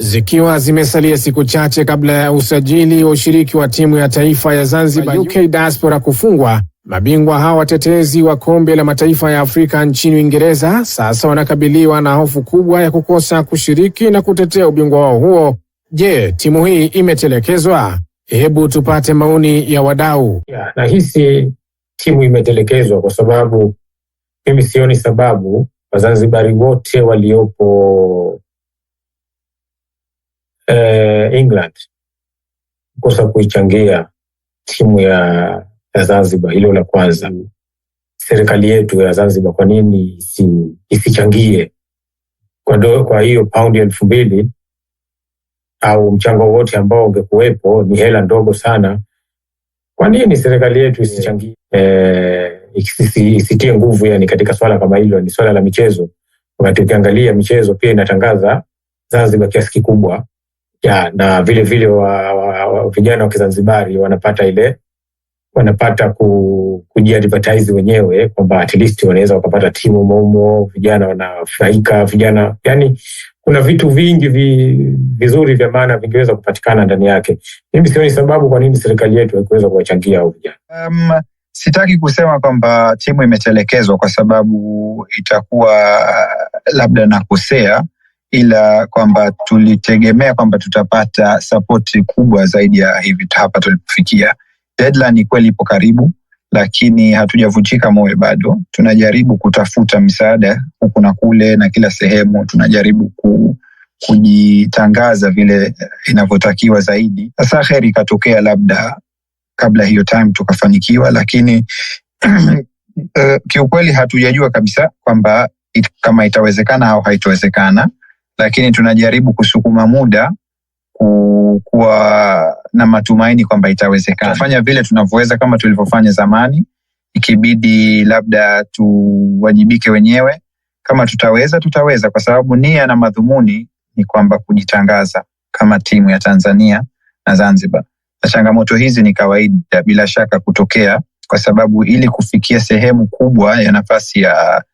Zikiwa zimesalia siku chache kabla ya usajili wa ushiriki wa timu ya taifa ya Zanzibar UK Diaspora kufungwa, mabingwa hawa watetezi wa kombe la mataifa ya Afrika nchini Uingereza sasa wanakabiliwa na hofu kubwa ya kukosa kushiriki na kutetea ubingwa wao huo. Je, timu hii imetelekezwa? Hebu tupate maoni ya wadau. nahisi timu imetelekezwa kwa sababu mimi sioni sababu Wazanzibari wote waliopo eh, England kosa kuichangia timu ya, ya Zanzibar. Hilo la kwanza. Mm. Serikali yetu ya Zanzibar kwa nini si, isichangie kwa, do, kwa hiyo paundi elfu mbili au mchango wote ambao ungekuwepo ni hela ndogo sana. Kwa nini serikali yetu isichangie eh, isitie nguvu yani katika swala kama hilo? Ni swala la michezo, wakati ukiangalia michezo pia inatangaza Zanzibar kiasi kikubwa ya, na vile vile wa, wa, wa, vijana wa Kizanzibari wanapata ile wanapata ku, kujiadvertise wenyewe kwamba at least wanaweza wakapata timu momo, vijana wanafaika, vijana yani, kuna vitu vingi vi, vizuri vya maana vingeweza kupatikana ndani yake. Mimi sioni sababu kwa nini serikali yetu haikuweza kuwachangia hao vijana um, sitaki kusema kwamba timu imetelekezwa kwa sababu itakuwa uh, labda nakosea ila kwamba tulitegemea kwamba tutapata sapoti kubwa zaidi ya hivi hapa tulipofikia. Deadline kweli ipo karibu, lakini hatujavunjika moyo bado. Tunajaribu kutafuta misaada huku na kule na kila sehemu, tunajaribu ku, kujitangaza vile inavyotakiwa zaidi. Sasa heri ikatokea labda kabla hiyo time tukafanikiwa, lakini uh, kiukweli hatujajua kabisa kwamba it, kama itawezekana au haitowezekana lakini tunajaribu kusukuma muda kuwa na matumaini kwamba itawezekana. tufanya vile tunavyoweza kama tulivyofanya zamani, ikibidi labda tuwajibike wenyewe. Kama tutaweza, tutaweza, kwa sababu nia na madhumuni ni kwamba kujitangaza kama timu ya Tanzania na Zanzibar. Na changamoto hizi ni kawaida bila shaka kutokea, kwa sababu ili kufikia sehemu kubwa ya nafasi ya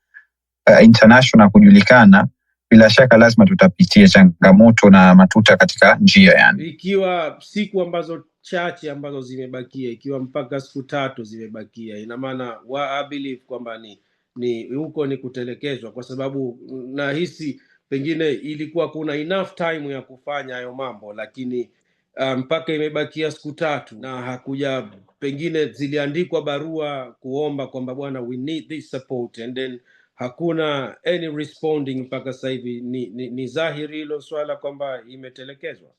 uh, international kujulikana bila shaka lazima tutapitia changamoto na matuta katika njia yani. Ikiwa siku ambazo chache ambazo zimebakia, ikiwa mpaka siku tatu zimebakia, ina maana wa I believe kwamba ni ni huko ni kutelekezwa, kwa sababu nahisi pengine ilikuwa kuna enough time ya kufanya hayo mambo, lakini ah, mpaka um, imebakia siku tatu na hakuja, pengine ziliandikwa barua kuomba kwamba bwana, we need this support and then hakuna any responding mpaka sasa hivi. Ni, ni, ni dhahiri hilo swala kwamba imetelekezwa.